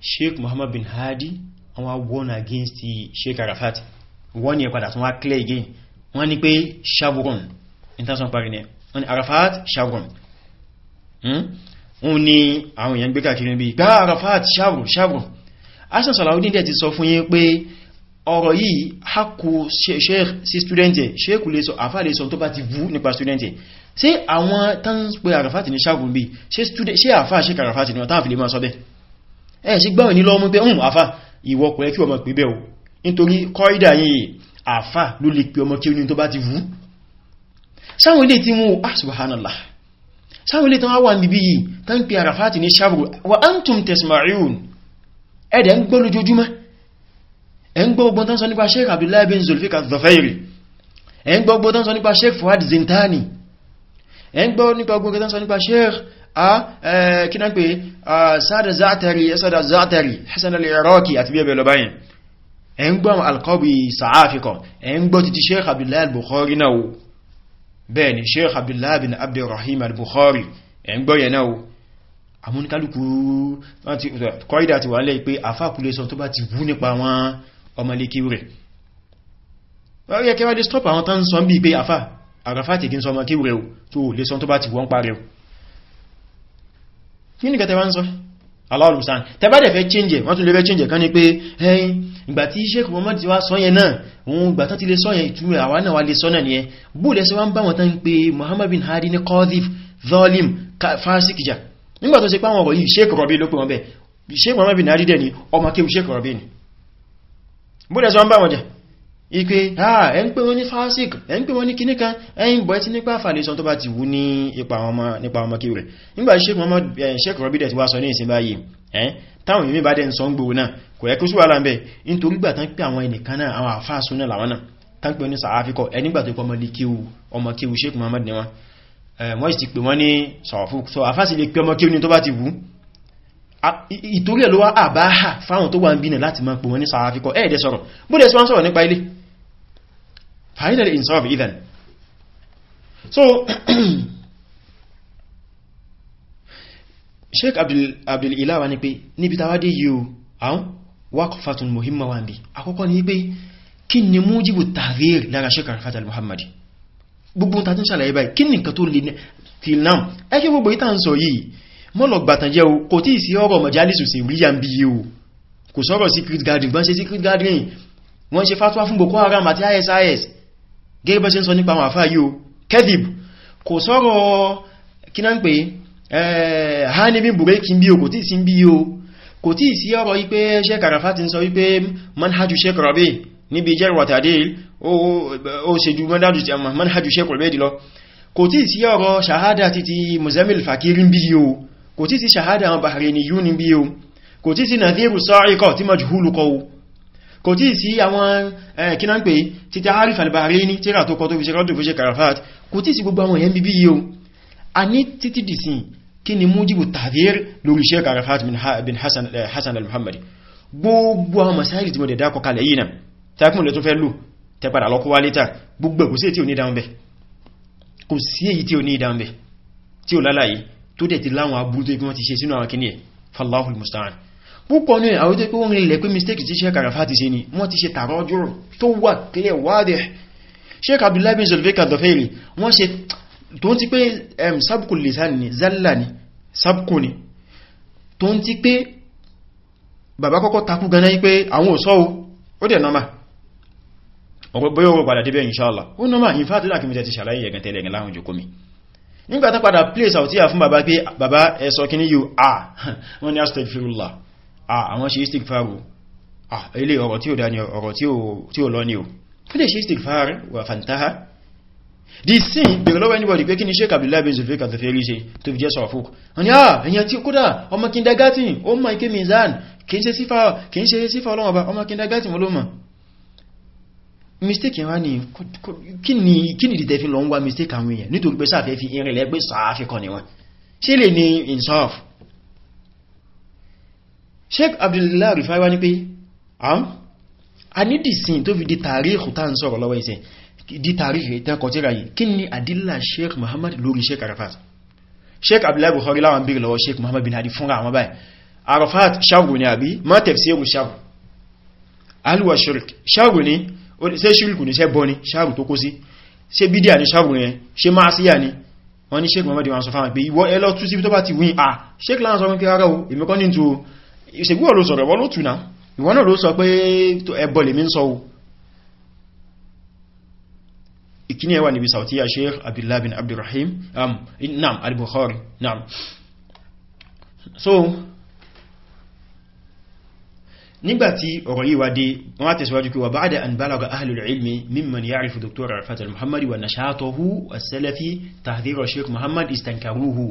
sheik muhammad bin hadi wọ́n won against sheik arafat wọ́n ní ẹ̀padà tún wá clear again wọ́n ní pé ṣàbùrùn international parí ní wọ́n ní arafat ṣàbùrùn hmm? wọ́n ní àwọn èèyàn gbé kàkiri bí gbá arafat ṣàbùrùn ṣàbùrùn asan salawudin dẹ̀ ti sọ fún ọ̀rọ̀ yìí hakù sí student ẹ̀ ṣékù lè sọ àfà lè sọ tó bá ti wú nípa student ẹ̀ ṣé àwọn tán pé àràfàtì ní ṣàgùn bí ṣé àfà ṣe kàràfàtì ní ọ̀tá àfìlè máa sọ bẹ́ ẹ̀ sí gbáwẹ̀ ní lọ́mú pé hùn àfà ìwọ kò yẹ kí ọmọ pè bẹ́ o nítorí kọ́ídà yìí àfà ló lè pè ọmọ kí ní tó bá ti wú sáwọn ilé tí mú ah subhanallah sáwọn ilé tán wá wà níbi yìí tán pé àràfàtì ní ṣàgùn wa antum tesmariun ẹ̀dẹ̀ ń gbọ́ lójoojúmọ́ ẹn gbogbo tán sọ nípa sheikh abdullahi bin zulfika zafairi ẹn gbogbo tán sọ nípa sheikh fuad zintani ẹn gbogbo nípa gbogbo tán sọ nípa sheikh a kínan pé sada za'atari esada za'atari hassan al-iraqi àti bí ẹbẹ̀ lọ báyìí ẹn gbọ́ alkọ́bí sa'afikọ ẹn gbọ́ títí sheikh abdullahi al-bukhari náà bẹ́ẹ̀ ni sheikh abdullahi bin abdurrahim al-bukhari ẹn gbọ́ yẹn náà àmúnikálùkù ti wà lẹ́ pé àfáàkù sọ tó bá ti wú nípa wọn ọmọlékíwò rẹ̀ wọ́n rí ẹkẹ́wàá dé stop àwọn tán sọ ń bí pé àfà àràfà ti kí n sọ ọmọlékíwò rẹ̀ tó lè sọ tó bá ti wọ́n parẹ́ kí ní sọ aláwọ̀lùsàn tẹbádẹ̀ change wọ́n tún change kan ní pé ẹ̀yìn ìgbà tí Sheikh Muhammad ti wá sọ́yẹn náà òun ìgbà tán ti lè sọ́yẹn ìtumẹ̀ àwa náà Muhammad bin Hadi ní qadhif zalim fásikìjà nígbà tó ṣe pàwọn ọ̀rọ̀ yìí Sheikh ló pè wọ́n bẹ̀ Sheikh Muhammad bin Hadi dẹ̀ ni ọmọ kéwù ni bóòdẹ̀ sọ ń bá wọn jẹ́ ipe àà ah, ẹn pé wọ́n ní fásik ẹn pé wọ́n ní kìní kan ẹ̀yìn bọ̀ tí nípa àfàlẹ́sọ tó bá ti wú ní ipa ọmọ kí rẹ̀ nígbà Sheikh Muhammad eh, Sheikh Rabidat ti wá sọ ní ìsin báyìí ẹ́n táwọn yìí bá dẹ̀ ń sọ ń gbòó náà kò yẹ kí súwà láàbẹ̀ nítorí gbà tán pé àwọn ẹnìkan náà ìtorí ẹ̀ ló wá àbáhà fáwọn tó wà ń bínà láti máa pò wọn ní sàáfíkọ́ ẹ̀ẹ́dẹ̀ sọ̀rọ̀ bó dẹ̀ sọ́rọ̀ nípa ilé final insaf idan so [clears throat] sheik abdulilah wa ní pé níbi tàwádé yíò àwọn waqfatun muhimma wa bí àkọ́kọ́ ní pé kí ni mújíbù tàvír lára sheik arfat al-muhammadi gbogbo tàbí sàlàyé báyìí kí ni nǹkan tó lè till now ẹkẹ́ mọ́lọ̀ gbàtànjẹ́ o kò tí sí ọ̀rọ̀ mọ̀jálìsù sí ríyà ń bí i o kò sọ́rọ̀ secret garden gbọ́n ṣe secret garden wọ́n ṣe fatwa fún Boko Haram àti ISIS gẹ́gẹ́ bọ́ ṣe ń sọ nípa àwọn àfáà yìí o kevib kò sọ́rọ̀ kí náà ń pè eh, hanibin bureki bí o kò tí sí ń bí i o kò tí sí ọ̀rọ̀ wípé Sheikh Arafat ń sọ wípé manhaju Sheikh níbi jẹ́rù kò tí sí ọ̀rọ̀ shahada titi Muzamil Fakiri ń bí i o kò tí sí ṣàhádà àwọn bahraini yú ní bí o kò tí sí nàzírù sọ́ríkọ̀ tí majhulu kọ́ kò tí sí àwọn kíná ń pè títà harif al-bahraini tíra tó kọ́ tó fi ṣe rọ́dù fi ṣe karafat kò tí sí gbogbo àwọn èèyàn bíbí o a ní bin hassan al-muhammadi gbogbo àwọn masáyìí tí mo dẹ̀ dákọ̀ kalẹ̀ yìí náà tẹ́kùn lè tún fẹ́ lò tẹ́padà lọ́kọ́wá létà gbogbo kò sí èyí tí ò tó dẹ̀ ti láwọn aburú tó wọ́n ti ṣe sínú àwọn kìíní ẹ̀ fallahu mustaan púpọ̀ ní àwọn tó wọ́n rí pé mistake tí Sheikh Arafat ti ṣe ni wọ́n ti ṣe tààrọ ọjọ́ tó wà clear wádẹ̀ Sheikh Abdullahi bin Zulfika Dhafiri wọ́n ṣe tó ń ti pé sabku lisan ni zalla ni sabku ni tó ń ti pé bàbá kọ́kọ́ takú gan náà pé àwọn padà débẹ̀ inshallah ó nọ́mà in fact láàkí mi tẹ́ ti ṣàlàyé ẹ̀gẹ̀ láhùn jòkó mi nígbàtá padà place out yà fún bàbá pé bàbá ẹ̀sọ́ kí ní yíò à wọ́n ni astagfirullah à àwọn ṣe istigfaru à ilé ọ̀rọ̀ tí ó dá ní ọ̀rọ̀ tí ó lọ ní o kí lè ṣe istigfaru wà fantaha the sin bèèrè lọ́wọ́ anybody pé kí ni sheik abdullahi bin zulfi kàtàfẹ́rí ṣe tó fi jẹ́ sọ̀fúk wọ́n ni à èyàn tí ó kódà ọmọ kindergarten ó mọ̀ ike mizan kì í ṣe sífà ọlọ́wọ́ ọba ọmọ kindergarten mistake yẹn wá ní kí ni ìdìtẹ́ fi lọ ń wá mistake àwọn èèyàn nítorí pé sáàfẹ́ fi irin lẹ́gbẹ́ sáàfẹ́ kọ́ ni wọn ṣe lè ní insaf Sheikh Abdullah Rufai wá ní pé a ní dìsìn tó fi di tàríkù tá ń sọ̀rọ̀ lọ́wọ́ ìsẹ̀ di tàríkù Sheikh Muhammad lórí Sheikh Arafat Sheikh Abdullah Bukhari láwọn bèèrè lọ́wọ́ Sheikh Muhammad bin Hadi fúnra Arafat ṣàrù ni àbí má tafsiru ṣàrù alwa shirk ṣàrù ni ṣe ṣíríkù ní ṣe bọ́ ní ṣáàrù tó kó sí ṣe bídíà ní ṣáàrù rẹ̀ ṣe máa síyà ní wọ́n ní ṣéèkì mọ́mọ́dé wọn sọ fáwọn pé ìwọ ẹlọ tú sí tó bá ti wín à ah, ṣéèkì láwọn sọ pé rárá o èmi kọ́ ní tó ìṣègbú ọ̀rọ̀ sọ̀rọ̀ wọ́n ló tù náà ìwọ náà ló sọ pé ẹbọ lèmi ń sọ o ìkíní ẹwà níbi sauti ya abdullah bin abdulrahim um, nam al-bukhari nam so nígbàtí ọ̀rọ̀ yìí wá dé wọ́n tẹ̀síwájú kí wà bá da an balaga ahlul ilmi mimman ya'rifu dr arafat al-muhammadi wa nashatuhu as-salafi tahdhira sheikh muhammad istankaruhu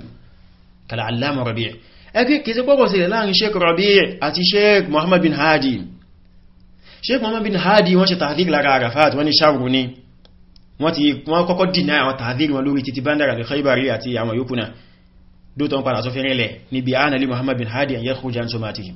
kala allama rabi' ẹgbẹ́ kìí pọ́pọ̀ sí láàrin sheikh rabi' àti sheikh muhammad bin hadi sheikh muhammad bin hadi wọ́n ṣe tahdhir lára arafat wọ́n ni ṣàrù ni wọ́n ti wọ́n kọ́kọ́ dìnà àwọn tahdhir wọn lórí títí bandara da khaibari àti àwọn yókùnà dótọ́ padà sọ fẹ́rẹ́lẹ̀ níbi ánàlí muhammad bin hadi an yakhruja an somatihim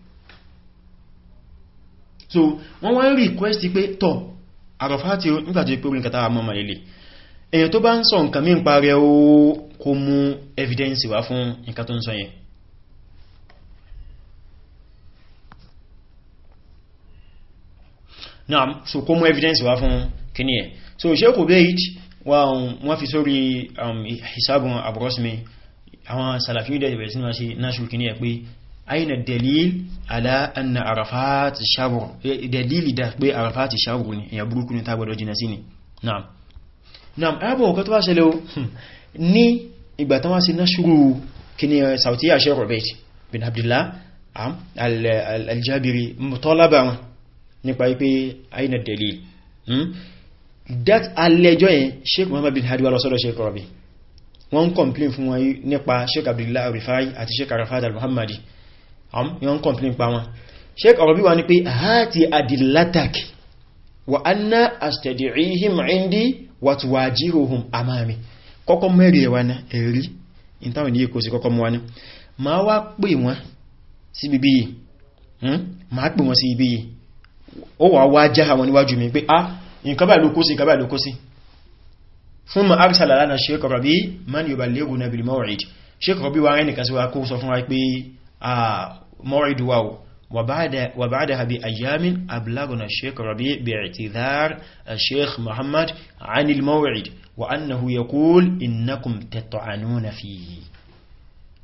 so wọ́n wọ́n request pé tọ́ àrọ̀fáàtì nígbàtí pé orin kàtàrà mọ́mà lè èyàn tó bá ń sọ nǹkan mí ń parẹ́ ó kó mú evidence wá fún nǹkan tó ń sọ yẹn náà so kó mú evidence wá fún kíní ẹ̀ so ṣe kò bẹ́ ìtì wọ́n fi sórí um, hisabun abrosmi àwọn salafi dẹ̀ ìbẹ̀rẹ̀ sínú wá sí nashul kíní ẹ̀ pé aina dalil ala anna arafat shabur eh, dalili da pé arafat shabur ni èyàn burúkú ni tá gbọ́dọ̀ jìnà sí ni naam naam abo nǹkan tó wá ṣẹlẹ̀ o hmm. ní ìgbà tán wá sí nashuru kíni eh, sautiya sheikh robert bin abdullah am al-jabiri mutalaba wọn nípa wípé aina dalil hmm. that alẹ́jọ́ yẹn sheikh muhammad bin hadi wà lọ́sọ́dọ̀ sheikh robert wọ́n complain fún wọn nípa sheikh abdullah rifai àti sheikh arafat al-muhammadi yọ́n kọ̀mplín pa wọn sheik ọ̀rọ̀bí wa ní pé àti adillatak wa anna astad'ihim indi wa tuwajihuhum amami kọ́kọ́ mẹ́rin ẹ̀wà na ẹ̀rí ìtàwọn ìyẹ́kò sí kọ́kọ́ mọ́ wani ma wá pè wọ́n sí bíbí yìí ma hmm? pè wọ́n sí bíbí yìí ó wà wá já àwọn níwájú mi pé ah nǹkan bá lókó sí nǹkan bá lókó sí fún ma arsala lana sheik ọ̀rọ̀bí man yuballighuna bil maw'id sheik ọ̀rọ̀bí wa rẹ̀ sí wa kó sọ fún wa pé موعد واو وبعد وبعدها بأيام أبلغنا الشيخ ربيع باعتذار الشيخ محمد عن الموعد وأنه يقول إنكم تطعنون فيه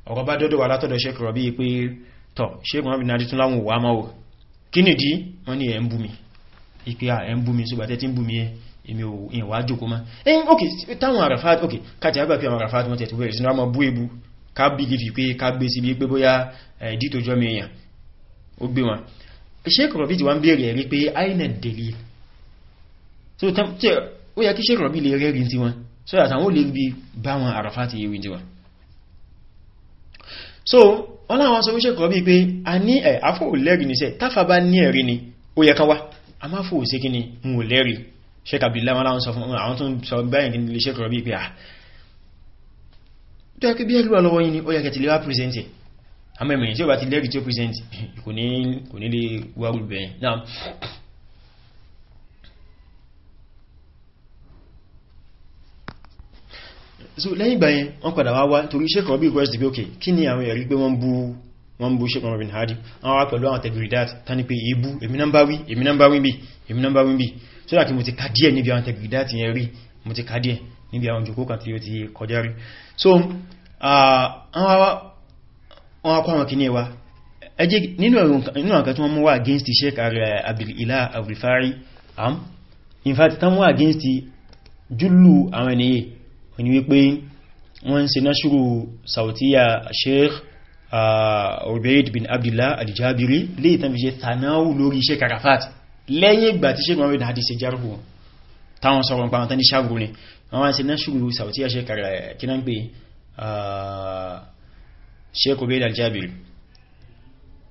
ọ̀rọ̀bá dọ́dọ̀ wà látọ̀dọ̀ sheik rọ̀bí pé tọ̀ sheik rọ̀bí náà títún láwọn òwà máa wò kí ni dí wọ́n ni ẹ̀ ń bú mi ipé à ẹ̀ ń bú mi ṣùgbà tẹ́ tí ń bú èmi ò ìwà má ẹ̀yìn ok táwọn àràfáàtì ká bìlìfì pé ká gbé síbi pé bóyá dítòjọ́ mi èèyàn ó gbé wọn Sheikh Rabi bèèrè ẹ̀rí pé aina delil so tí ó yẹ kí Sheikh lè rẹ́rin tí wọn so àtàwọn ó lè rí bá wọn àràfà ti yíwí tí wọn so wọ́n láwọn sọ Sheikh Rabi pé a ní ni ó yẹ kan ni n ò lẹ́rìí Sheikh Abdullahi wọn láwọn sọ fún àwọn tó ń sọ tó yẹ kí bí ẹlúwà lọ́wọ́ yìí ni ó yẹ kẹ ti lè wá pírẹsẹ̀ntì àmọ́ ẹ̀mẹ̀yìn tí ó bá ti lẹ́rìí tí ó pírẹsẹ̀ntì [clears throat] kò ní lè wá rúbẹ̀ náà so lẹ́yìn ìgbà yẹn wọ́n padà wá wá torí Sheikh Rabi request bí okay kí ni àwọn ẹ̀rí pé wọ́n bú wọ́n bú Sheikh Rabi Hadi wọ́n wá pẹ̀lú àwọn tẹ̀gìrìdát tání pé ebú èmi náà bí èmi bí so láti mo ti kà díẹ̀ níbi àwọn tẹ̀gìrìdát yẹn rí mo ti kà díẹ̀ níbi àwọn jùkú kan tí ó ti kọjá rí so wọ́n akọ́ àwọn kìíní wa ẹjẹ́ nínú àkà tí wọ́n mú wá against sheik eh, abdulila abdulfari am in fact tán mú against jùlù àwọn ènìyàn wọ́n ni wípé wọ́n ṣe náṣírù sautiya sheik Ubaid bin Abdullah al-Jabiri lè tán fi ṣe tànáwù lórí Sheikh Arafat lẹ́yìn ìgbà tí Sheikh Muhammad Hadi ṣe àwọn àti náṣùrù sàwọ̀tí ya ṣekara kí náà ń pè Sheikh Obaid al-Jabiri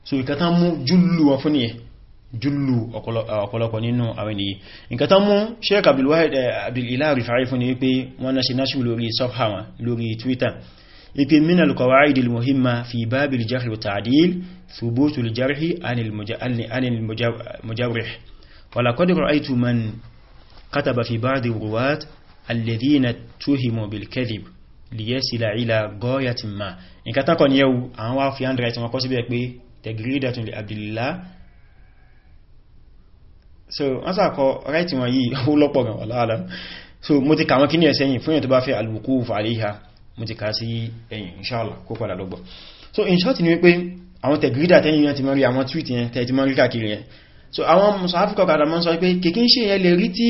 so ìkàtà mú jùlù wọn fún nìyẹ jùlù ọ̀pọ̀lọpọ̀ nínú àwọn ènìyàn ìkàtà mú Sheikh Abdul Wahid Abdul-Ilah Rifai fún ní pé wọ́n náà ṣe náṣùrù lórí sọ́fàwọn lórí Twitter ipe min al-qawaid al-muhimma fi bab al-jarh wa ta'dil thubut al-jarh an al-mujarrih wa laqad ra'aytu man kataba fi ba'd al-ruwat alladhina tuhimu bilkadhib liyasila ila ghayatin ma nǹkan tán kọ́ ní ẹwù àwọn wá fi andrẹ̀ tí wọ́n kọ́ so wọ́n sàkọ́ right wọn yìí ó lọ́pọ̀ gan so mo ti kàwọn kí ní ẹsẹ̀ yìí fún yẹn tó bá fẹ́ alwuquf alayha mo ti sí ẹ̀yìn inshallah kó padà lọ́gbọ̀ so in short ni wípé àwọn tagridatun yẹn ti mọ́ rí àwọn tweet yẹn tẹ́ ti so àwọn musafi kọkàdà mọ́ sọ pé kèkí ń ṣe yẹn lè rí tí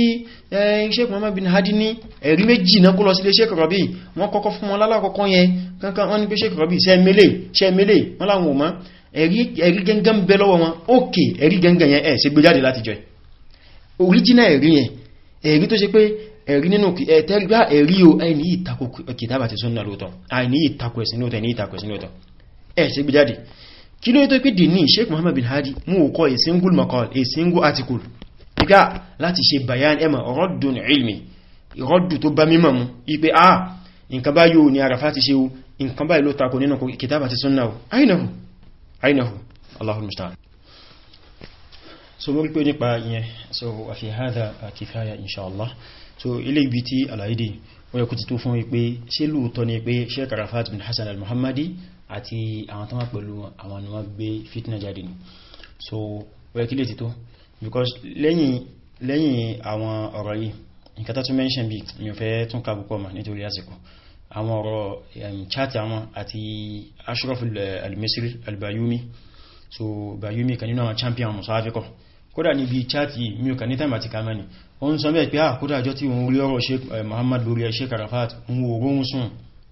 Sheikh Muhammad bin Hadi ní ẹ̀rí méjì náà kó lọ sílé Sheikh Rabi wọ́n kọ́kọ́ fún wọn lálàkọ́kọ́ yẹn kankan wọ́n ní pé Sheikh Rabi sẹ́mẹ́lẹ̀ sẹ́mẹ́lẹ̀ wọ́n láwọn òmá ẹ̀rí gẹ́ngẹ́n bẹ lọ́wọ́ wọn ókè ẹ̀rí gẹ́ngẹ́n yẹn ẹ̀ ṣe gbé jáde láti jọ original ẹ̀rí yẹn ẹ̀rí tó ṣe pé ẹ̀rí nínú ẹ̀tẹ́rígbá ẹ̀rí kí ló yẹ tó pé dì ní Sheikh Muhammad bin Hadi mú kọ a single maqal a single article ìgá láti ṣe bayan ẹmà raddun ilmi raddu tó bá mímọ̀ mú ipé a ah, nǹkan bá yóò ní àràfà ti ṣe o nǹkan bá ìlú tako nínú kìtàbà ti súnnà o ainihu ainihu Allahul musta'an so mo rí pé nípa ìyẹn so a fi hadha kifaya inshallah so ilé ibi tí alayidi wọ́n àti àwọn tó wà pẹ̀lú àwọn ni gbé fitna jáde ni so wọ́n kí lè ti tó because lẹ́yìn lẹ́yìn àwọn ọ̀rọ̀ yìí nǹkan tó tún mention bí mi ò fẹ́ tún ká púpọ̀ mà nítorí àsìkò àwọn ọ̀rọ̀ um, chat àwọn àti ashraf al-misri al-bayumi so bayumi kan nínú àwọn champion musa afikọ kódà níbi chat yìí mi ò kà ní time àti kamani ó ń sọ mẹ́ pé àkódà ah, àjọ tí wọ́n rí ọ̀rọ̀ Sheikh eh, Muhammad lórí Sheikh Arafat ń wo ogun sùn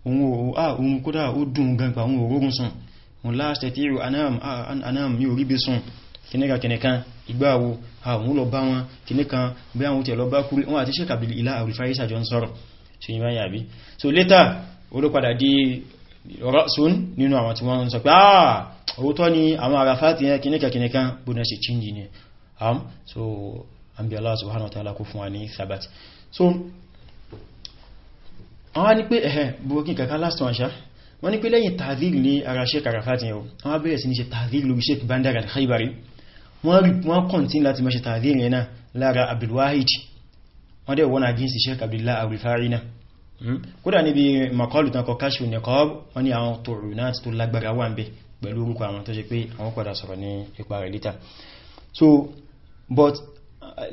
òun òun kódà ó dùn gan pa òun òrógùn sùn òun láàṣẹ tí ìrù anáàm ní oríbe sùn kìnníkà kìnníkan ìgbàwo àwọn lọ bá wọn kìnníkan bí àwọn so later ó ló padà di rọ́sùn nínú àwọn tí wọ́n ń sọ pé àà ah, òótọ́ ni àwọn àràfáàtì yẹn kìnníkà kìnníkan bóná ṣe chíńjì ni um, so àmì Allah subhanahu wa ta'ala kó fún wa ní sabat so wọ́n ní pé ẹ̀hẹ́ burúkín kankan last one ṣá wọ́n ní pé lẹ́yìn tààdìl ní ara sheik arafati yẹn wọ́n bẹ̀rẹ̀ sí ní ṣe tààdìl lórí sheik bandar al-khaibari wọ́n kọ̀ntín láti mọ́ ṣe tààdìl yẹn náà lára abdulwahid wọ́n dẹ̀ wọ́n against sheik abdullah al-rifari náà hmm? kódà níbi makọlù tán kọ káṣù nìkọ́ wọ́n ní àwọn tòrò náà tó lágbára wà so but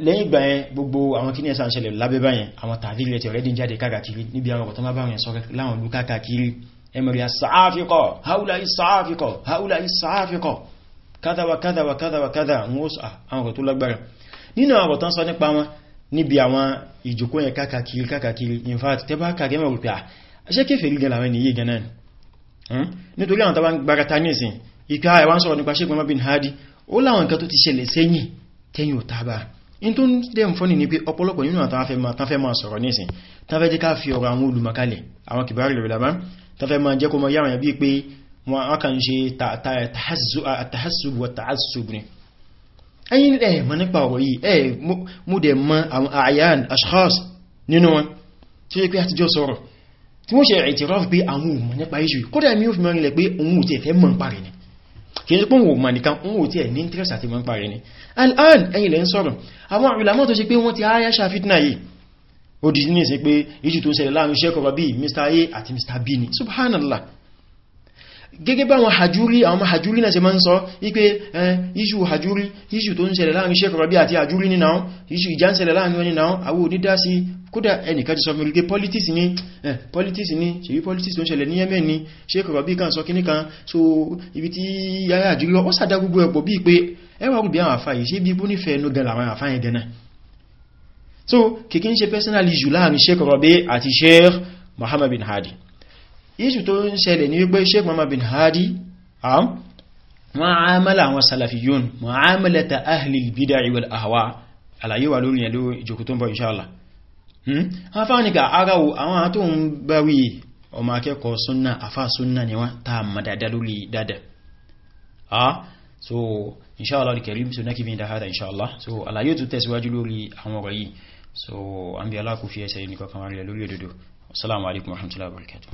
lẹ́yìn ìgbà yẹn gbogbo àwọn kíní ẹ̀sà ń ṣẹlẹ̀ lábẹ́bá yẹn àwọn tàbí ilẹ̀ tí ọ̀rẹ́ dín jáde káàkiri níbi àwọn ọ̀pọ̀ tó máa bá wọn sọ láwọn ìlú káàkiri ẹmọ̀rí asáàfikọ̀ haúlá isáàfikọ̀ haúlá isáàfikọ̀ kádàwà kádàwà kádàwà kádà wọn ó sọ àwọn ọ̀rọ̀ tó lágbára nínú àwọn ọ̀tán sọ nípa wọn níbi àwọn ìjòkó yẹn káàkiri káàkiri in fact tẹ́ bá kàrí mẹ́rù pé à ṣé kéfèrí gan hmm? ó láwọn nǹkan tó ti ṣẹlẹ̀ sẹ́yìn tẹ́yìn ò tábà in tó ń dẹ̀ ń fọ́nì ní pé ọ̀pọ̀lọpọ̀ nínú àtàfẹ́ máa sọ̀rọ̀ nísìn tàfẹ́ jẹ́ ká fi ọ̀rọ̀ àwọn olùmọ̀kalẹ̀ àwọn kìbárì rẹ̀ lámá tàfẹ́ máa jẹ́ kó mọ yáwọn bí pé wọ́n kàn ṣe tàhásùbù wa tàhásùbù ni ẹ̀yin ẹ̀ eh, mọ̀ nípa ọ̀rọ̀ yìí ẹ̀ eh, mú dẹ̀ mọ àwọn àyàn ashkhas nínú wọn tí ó yẹ pé àtijọ́ sọ̀rọ̀ tí wọ́n ṣe ìtìrọ́f pé àwọn òmọ̀ nípa iṣu kódà mi ò fi mọ́rin lẹ̀ pé òun ò tẹ̀ fẹ́ mọ̀ ń parí ni kìí sí pé wọ́n ma nìkan wọ́n ò tí ẹ̀ ní interest àti wọ́n parí ní al'an ẹ̀yìn lẹ́ ń sọ̀rọ̀ àwọn ìlàmọ́ tó ṣe pé wọ́n ti ayá ṣàfitna yìí ó di ní sí pé ìṣù tó ń ṣẹlẹ̀ láàrin iṣẹ́ kọba subhanallah gẹ́gẹ́ bá wọn hajjúrí àwọn hajjúrí náà ṣe máa ń sọ wípé iṣù hajjúrí iṣù tó ń ṣẹlẹ̀ láàrin iṣẹ́ kọba bí àti hajjúrí nínú iṣù ìjà ń ṣẹlẹ̀ láàrin wọn nínú àwọn kódà ẹnìkan ti sọ fún wípé politics ní eh politics ní ṣe bí politics tó ń ṣẹlẹ̀ ní Yemen ní ṣe kọ̀rọ̀ bí kan sọ kíní kan so ibi tí yára àjúlọ ó sàdá gbogbo ẹ̀pọ̀ bí pé ẹwà rúbí àwọn àfà yìí so kìkí ń ṣe personal issue láàrin Sheikh Rabi àti Sheikh Muhammad bin Hadi issue tó ń ṣẹlẹ̀ ní wípé Sheikh Muhammad bin Hadi mu'amala àwọn salafiyun mu'amalata ahli al-bid'ah wal ahwa àlàyé wà lórí ẹ̀lú ìjòkó tó ń inshallah afáàníkà hmm? ara àwọn tó ń bá wí ọmọ akẹ́kọ̀ọ́ súnnà afá súnnà ni wọ́n ta madada lórí dada ah so inshallah di karim so na kifin da hada inshallah so alayo tu tẹ̀síwájú lórí àwọn ọ̀rọ̀ yìí so an bí alákùfí ẹsẹ̀ ní kọkànwà lórí òdodo assalamu alaikum warahmatullahi wabarakatuh